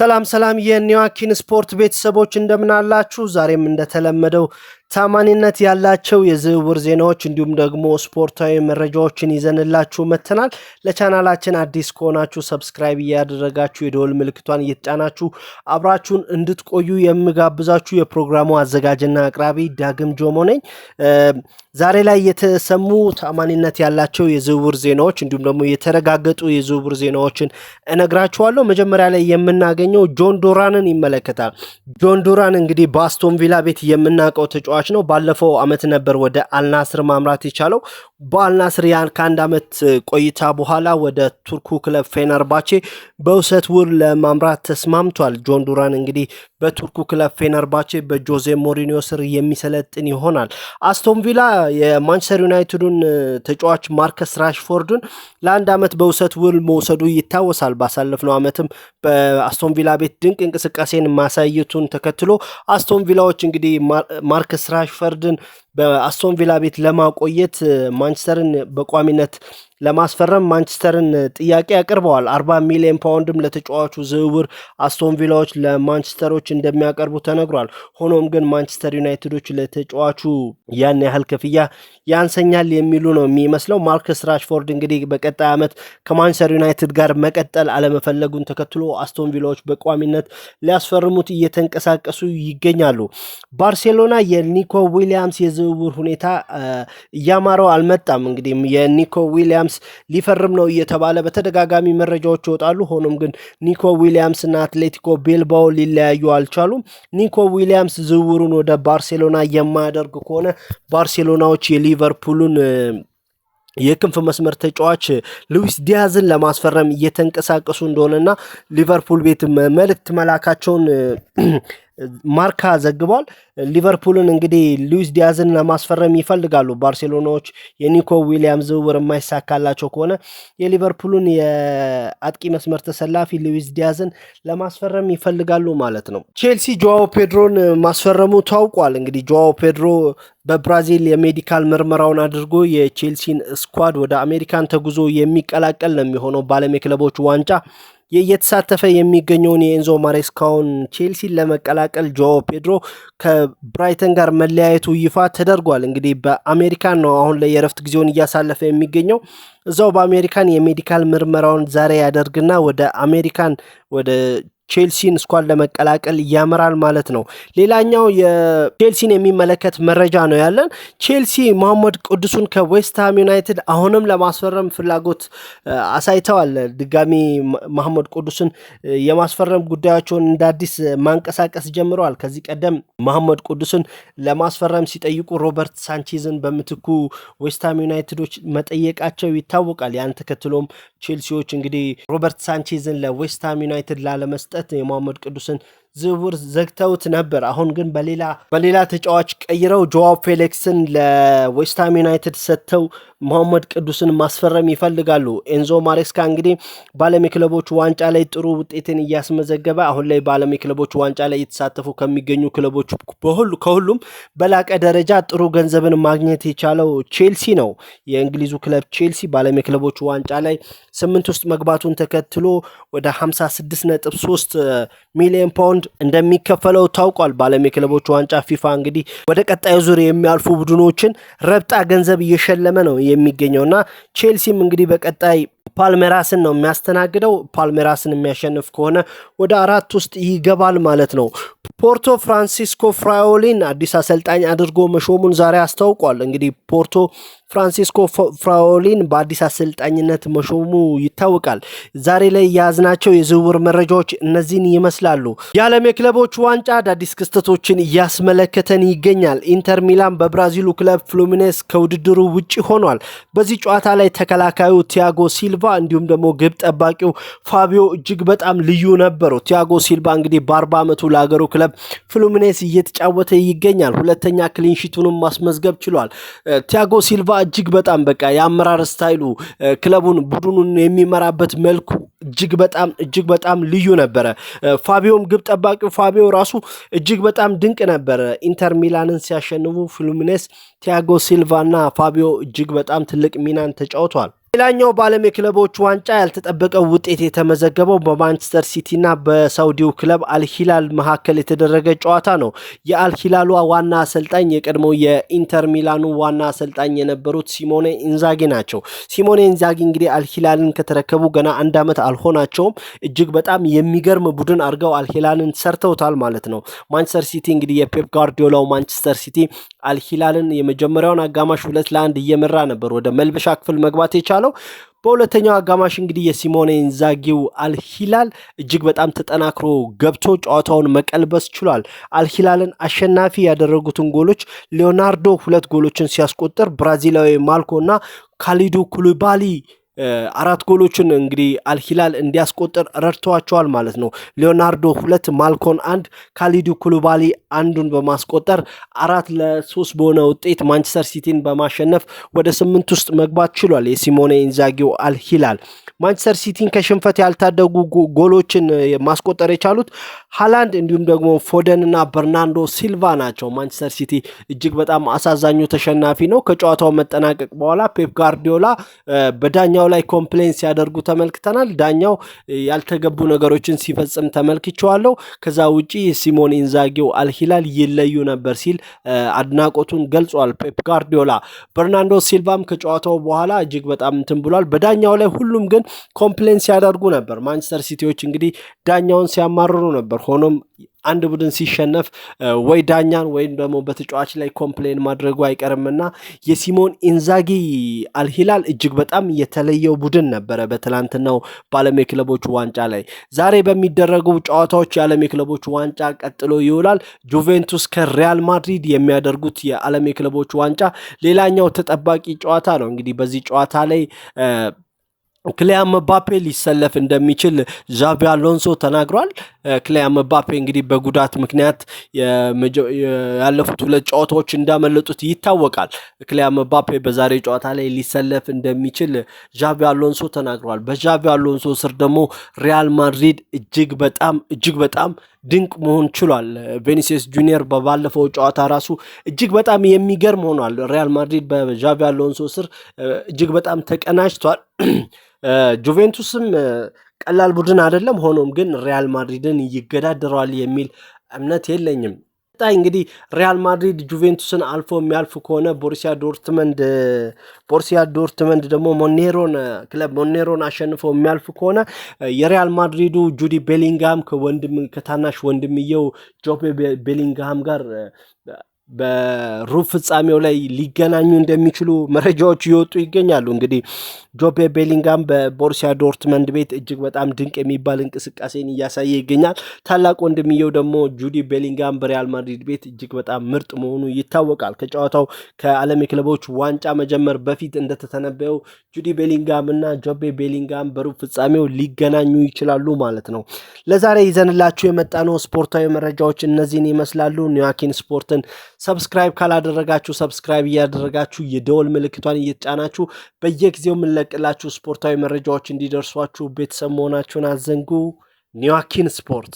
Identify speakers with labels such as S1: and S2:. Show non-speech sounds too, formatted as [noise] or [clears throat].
S1: ሰላም ሰላም የኒዋኪን ስፖርት ቤተሰቦች እንደምናላችሁ፣ ዛሬም እንደተለመደው ታማኒነት ያላቸው የዝውውር ዜናዎች እንዲሁም ደግሞ ስፖርታዊ መረጃዎችን ይዘንላችሁ መተናል። ለቻናላችን አዲስ ከሆናችሁ ሰብስክራይብ እያደረጋችሁ የደወል ምልክቷን እየተጫናችሁ አብራችሁን እንድትቆዩ የምጋብዛችሁ የፕሮግራሙ አዘጋጅና አቅራቢ ዳግም ጆሞ ነኝ። ዛሬ ላይ የተሰሙ ታማኒነት ያላቸው የዝውውር ዜናዎች እንዲሁም ደግሞ የተረጋገጡ የዝውውር ዜናዎችን እነግራችኋለሁ። መጀመሪያ ላይ የምናገኘው ጆን ዶራንን ይመለከታል። ጆን ዶራን እንግዲህ በአስቶን ቪላ ቤት የምናውቀው ተጫዋች ተጫዋች ነው። ባለፈው አመት ነበር ወደ አልናስር ማምራት የቻለው። በአልናስር ያን ከአንድ አመት ቆይታ በኋላ ወደ ቱርኩ ክለብ ፌነርባቼ በውሰት ውል ለማምራት ተስማምቷል። ጆን ዱራን እንግዲህ በቱርኩ ክለብ ፌነርባቼ በጆዜ ሞሪኒዮ ስር የሚሰለጥን ይሆናል። አስቶን ቪላ የማንቸስተር ዩናይትዱን ተጫዋች ማርከስ ራሽፎርድን ለአንድ ዓመት በውሰት ውል መውሰዱ ይታወሳል። ባሳለፍነው ዓመትም በአስቶን ቪላ ቤት ድንቅ እንቅስቃሴን ማሳየቱን ተከትሎ አስቶን ቪላዎች እንግዲህ ማርከስ ራሽፎርድን በአስቶን ቪላ ቤት ለማቆየት ማንቸስተርን በቋሚነት ለማስፈረም ማንቸስተርን ጥያቄ ያቀርበዋል። አርባ ሚሊዮን ፓውንድም ለተጫዋቹ ዝውውር አስቶን ቪላዎች ለማንቸስተሮች እንደሚያቀርቡ ተነግሯል። ሆኖም ግን ማንቸስተር ዩናይትዶች ለተጫዋቹ ያን ያህል ክፍያ ያንሰኛል የሚሉ ነው የሚመስለው። ማርከስ ራሽፎርድ እንግዲህ በቀጣይ ዓመት ከማንቸስተር ዩናይትድ ጋር መቀጠል አለመፈለጉን ተከትሎ አስቶን ቪላዎች በቋሚነት ሊያስፈርሙት እየተንቀሳቀሱ ይገኛሉ። ባርሴሎና የኒኮ ዊሊያምስ የዝውውር ሁኔታ እያማረው አልመጣም። እንግዲህ የኒኮ ዊሊያምስ ዊሊያምስ ሊፈርም ነው እየተባለ በተደጋጋሚ መረጃዎች ይወጣሉ። ሆኖም ግን ኒኮ ዊሊያምስ እና አትሌቲኮ ቤልባኦ ሊለያዩ አልቻሉም። ኒኮ ዊሊያምስ ዝውውሩን ወደ ባርሴሎና የማያደርግ ከሆነ ባርሴሎናዎች የሊቨርፑሉን የክንፍ መስመር ተጫዋች ሉዊስ ዲያዝን ለማስፈረም እየተንቀሳቀሱ እንደሆነና ሊቨርፑል ቤት መልእክት መላካቸውን ማርካ ዘግቧል። ሊቨርፑልን እንግዲህ ሉዊስ ዲያዝን ለማስፈረም ይፈልጋሉ ባርሴሎናዎች። የኒኮ ዊሊያም ዝውውር የማይሳካላቸው ከሆነ የሊቨርፑልን የአጥቂ መስመር ተሰላፊ ሉዊስ ዲያዝን ለማስፈረም ይፈልጋሉ ማለት ነው። ቼልሲ ጆዋው ፔድሮን ማስፈረሙ ታውቋል። እንግዲህ ጆዋው ፔድሮ በብራዚል የሜዲካል ምርመራውን አድርጎ የቼልሲን ስኳድ ወደ አሜሪካን ተጉዞ የሚቀላቀል ነው የሚሆነው በዓለም የክለቦች ዋንጫ እየተሳተፈ የሚገኘውን የኤንዞ ማሬስካውን ቼልሲን ለመቀላቀል ጆ ፔድሮ ከብራይተን ጋር መለያየቱ ይፋ ተደርጓል። እንግዲህ በአሜሪካን ነው አሁን ላይ የረፍት ጊዜውን እያሳለፈ የሚገኘው። እዛው በአሜሪካን የሜዲካል ምርመራውን ዛሬ ያደርግና ወደ አሜሪካን ወደ ቼልሲን ስኳድ ለመቀላቀል ያምራል ማለት ነው። ሌላኛው የቼልሲን የሚመለከት መረጃ ነው ያለን። ቼልሲ መሐመድ ቅዱሱን ከዌስትሃም ዩናይትድ አሁንም ለማስፈረም ፍላጎት አሳይተዋል። ድጋሚ መሐመድ ቅዱሱን የማስፈረም ጉዳያቸውን እንደ አዲስ ማንቀሳቀስ ጀምረዋል። ከዚህ ቀደም መሐመድ ቅዱስን ለማስፈረም ሲጠይቁ ሮበርት ሳንቼዝን በምትኩ ዌስትሃም ዩናይትዶች መጠየቃቸው ይታወቃል። ያን ተከትሎም ቼልሲዎች እንግዲህ ሮበርት ሳንቼዝን ለዌስትሃም ዩናይትድ ላለመስጠት በመስጠት የመሐመድ ቅዱስን ዝውውር ዘግተውት ነበር። አሁን ግን በሌላ በሌላ ተጫዋች ቀይረው ጆዋብ ፌሊክስን ለዌስትሃም ዩናይትድ ሰጥተው መሐመድ ቅዱስን ማስፈረም ይፈልጋሉ። ኤንዞ ማሬስካ እንግዲህ በዓለም ክለቦች ዋንጫ ላይ ጥሩ ውጤትን እያስመዘገበ አሁን ላይ በዓለም ክለቦች ዋንጫ ላይ እየተሳተፉ ከሚገኙ ክለቦች በሁሉ ከሁሉም በላቀ ደረጃ ጥሩ ገንዘብን ማግኘት የቻለው ቼልሲ ነው። የእንግሊዙ ክለብ ቼልሲ በዓለም ክለቦች ዋንጫ ላይ ስምንት ውስጥ መግባቱን ተከትሎ ወደ 56.3 ሚሊዮን ፓውንድ እንደሚከፈለው ታውቋል። በዓለም ክለቦች ዋንጫ ፊፋ እንግዲህ ወደ ቀጣዩ ዙር የሚያልፉ ቡድኖችን ረብጣ ገንዘብ እየሸለመ ነው የሚገኘውና ቼልሲም እንግዲህ በቀጣይ ፓልሜራስን ነው የሚያስተናግደው። ፓልሜራስን የሚያሸንፍ ከሆነ ወደ አራት ውስጥ ይገባል ማለት ነው። ፖርቶ ፍራንሲስኮ ፍራዮሊን አዲስ አሰልጣኝ አድርጎ መሾሙን ዛሬ አስታውቋል። እንግዲህ ፖርቶ ፍራንሲስኮ ፍራዮሊን በአዲስ አሰልጣኝነት መሾሙ ይታወቃል። ዛሬ ላይ የያዝናቸው የዝውውር መረጃዎች እነዚህን ይመስላሉ። የዓለም የክለቦች ዋንጫ አዳዲስ ክስተቶችን እያስመለከተን ይገኛል። ኢንተር ሚላን በብራዚሉ ክለብ ፍሉሚኔስ ከውድድሩ ውጭ ሆኗል። በዚህ ጨዋታ ላይ ተከላካዩ ቲያጎ ሲ ሲልቫ እንዲሁም ደግሞ ግብ ጠባቂው ፋቢዮ እጅግ በጣም ልዩ ነበሩ። ቲያጎ ሲልቫ እንግዲህ በአርባ ዓመቱ ለሀገሩ ክለብ ፍሉሚኔስ እየተጫወተ ይገኛል። ሁለተኛ ክሊንሺቱንም ማስመዝገብ ችሏል። ቲያጎ ሲልቫ እጅግ በጣም በቃ የአመራር ስታይሉ ክለቡን ቡድኑን የሚመራበት መልኩ እጅግ በጣም እጅግ በጣም ልዩ ነበረ። ፋቢዮም ግብ ጠባቂው ፋቢዮ ራሱ እጅግ በጣም ድንቅ ነበረ። ኢንተር ሚላንን ሲያሸንፉ ፍሉሚኔስ ቲያጎ ሲልቫ እና ፋቢዮ እጅግ በጣም ትልቅ ሚናን ተጫውቷል። ሌላኛው በዓለም የክለቦች ዋንጫ ያልተጠበቀ ውጤት የተመዘገበው በማንቸስተር ሲቲና በሳውዲው ክለብ አልሂላል መካከል የተደረገ ጨዋታ ነው። የአልሂላሉ ዋና አሰልጣኝ የቀድሞው የኢንተር ሚላኑ ዋና አሰልጣኝ የነበሩት ሲሞኔ ኢንዛጊ ናቸው። ሲሞኔ ኢንዛጊ እንግዲህ አልሂላልን ከተረከቡ ገና አንድ ዓመት አልሆናቸውም። እጅግ በጣም የሚገርም ቡድን አድርገው አልሂላልን ሰርተውታል ማለት ነው። ማንቸስተር ሲቲ እንግዲህ የፔፕ ጋርዲዮላው ማንቸስተር ሲቲ አልሂላልን የመጀመሪያውን አጋማሽ ሁለት ለአንድ እየመራ ነበር ወደ መልበሻ ክፍል መግባት የቻለ የተባለው። በሁለተኛው አጋማሽ እንግዲህ የሲሞኔ ኢንዛጊው አልሂላል እጅግ በጣም ተጠናክሮ ገብቶ ጨዋታውን መቀልበስ ችሏል። አልሂላልን አሸናፊ ያደረጉትን ጎሎች ሊዮናርዶ ሁለት ጎሎችን ሲያስቆጥር ብራዚላዊ ማልኮ እና ካሊዱ ኩሉባሊ አራት ጎሎችን እንግዲህ አልሂላል እንዲያስቆጥር ረድተዋቸዋል ማለት ነው። ሊዮናርዶ ሁለት፣ ማልኮን አንድ፣ ካሊዱ ኩሉባሊ አንዱን በማስቆጠር አራት ለሶስት በሆነ ውጤት ማንቸስተር ሲቲን በማሸነፍ ወደ ስምንት ውስጥ መግባት ችሏል። የሲሞኔ ኢንዛጊው አልሂላል ማንቸስተር ሲቲን ከሽንፈት ያልታደጉ ጎሎችን ማስቆጠር የቻሉት ሃላንድ እንዲሁም ደግሞ ፎደን እና በርናንዶ ሲልቫ ናቸው። ማንቸስተር ሲቲ እጅግ በጣም አሳዛኙ ተሸናፊ ነው። ከጨዋታው መጠናቀቅ በኋላ ፔፕ ጋርዲዮላ በዳኛው ላይ ኮምፕሌን ሲያደርጉ ተመልክተናል። ዳኛው ያልተገቡ ነገሮችን ሲፈጽም ተመልክቸዋለሁ። ከዛ ውጪ ሲሞን ኢንዛጊው አልሂላል ይለዩ ነበር ሲል አድናቆቱን ገልጿል ፔፕ ጋርዲዮላ። በርናንዶ ሲልቫም ከጨዋታው በኋላ እጅግ በጣም እንትን ብሏል በዳኛው ላይ። ሁሉም ግን ኮምፕሌን ሲያደርጉ ነበር። ማንቸስተር ሲቲዎች እንግዲህ ዳኛውን ሲያማርሩ ነበር። ሆኖም አንድ ቡድን ሲሸነፍ ወይ ዳኛን ወይም ደግሞ በተጫዋች ላይ ኮምፕሌን ማድረጉ አይቀርምና የሲሞን ኢንዛጊ አልሂላል እጅግ በጣም የተለየው ቡድን ነበረ በትላንትናው በዓለም የክለቦች ዋንጫ ላይ። ዛሬ በሚደረጉ ጨዋታዎች የዓለም የክለቦች ዋንጫ ቀጥሎ ይውላል። ጁቬንቱስ ከሪያል ማድሪድ የሚያደርጉት የዓለም የክለቦች ዋንጫ ሌላኛው ተጠባቂ ጨዋታ ነው። እንግዲህ በዚህ ጨዋታ ላይ ክሊያም ባፔ ሊሰለፍ እንደሚችል ዣቢ አሎንሶ ተናግሯል። ክሊያን መባፔ እንግዲህ በጉዳት ምክንያት ያለፉት ሁለት ጨዋታዎች እንዳመለጡት ይታወቃል። ክሊያን መባፔ በዛሬ ጨዋታ ላይ ሊሰለፍ እንደሚችል ዣቢ አሎንሶ ተናግሯል። በዣቢ አሎንሶ ስር ደግሞ ሪያል ማድሪድ እጅግ በጣም እጅግ በጣም ድንቅ መሆን ችሏል። ቬኒሲየስ ጁኒየር ባለፈው ጨዋታ ራሱ እጅግ በጣም የሚገርም ሆኗል። ሪያል ማድሪድ በዣቪ አሎንሶ ስር እጅግ በጣም ተቀናጅቷል። [clears throat] ጁቬንቱስም ቀላል ቡድን አይደለም። ሆኖም ግን ሪያል ማድሪድን ይገዳደረዋል የሚል እምነት የለኝም። ቀጣይ እንግዲህ ሪያል ማድሪድ ጁቬንቱስን አልፎ የሚያልፍ ከሆነ ቦሩሲያ ዶርትመንድ ቦሩሲያ ዶርትመንድ ደግሞ ሞኔሮን ክለብ ሞኔሮን አሸንፎ የሚያልፍ ከሆነ የሪያል ማድሪዱ ጁዲ ቤሊንግሃም ከወንድም ከታናሽ ወንድምየው ጆፔ ቤሊንግሃም ጋር በሩብ ፍጻሜው ላይ ሊገናኙ እንደሚችሉ መረጃዎች እየወጡ ይገኛሉ። እንግዲህ ጆቤ ቤሊንጋም በቦርሲያ ዶርትመንድ ቤት እጅግ በጣም ድንቅ የሚባል እንቅስቃሴን እያሳየ ይገኛል። ታላቅ ወንድምየው ደግሞ ጁዲ ቤሊንጋም በሪያል ማድሪድ ቤት እጅግ በጣም ምርጥ መሆኑ ይታወቃል። ከጨዋታው ከዓለም የክለቦች ዋንጫ መጀመር በፊት እንደተተነበየው ጁዲ ቤሊንጋም እና ጆቤ ቤሊንጋም በሩብ ፍጻሜው ሊገናኙ ይችላሉ ማለት ነው። ለዛሬ ይዘንላችሁ የመጣነው ስፖርታዊ መረጃዎች እነዚህን ይመስላሉ። ኒዋኪን ስፖርትን ሰብስክራይብ ካላደረጋችሁ ሰብስክራይብ እያደረጋችሁ የደወል ምልክቷን እየተጫናችሁ በየጊዜው የምንለቅላችሁ ስፖርታዊ መረጃዎች እንዲደርሷችሁ ቤተሰብ መሆናችሁን አዘንጉ። ኒዋኪን ስፖርት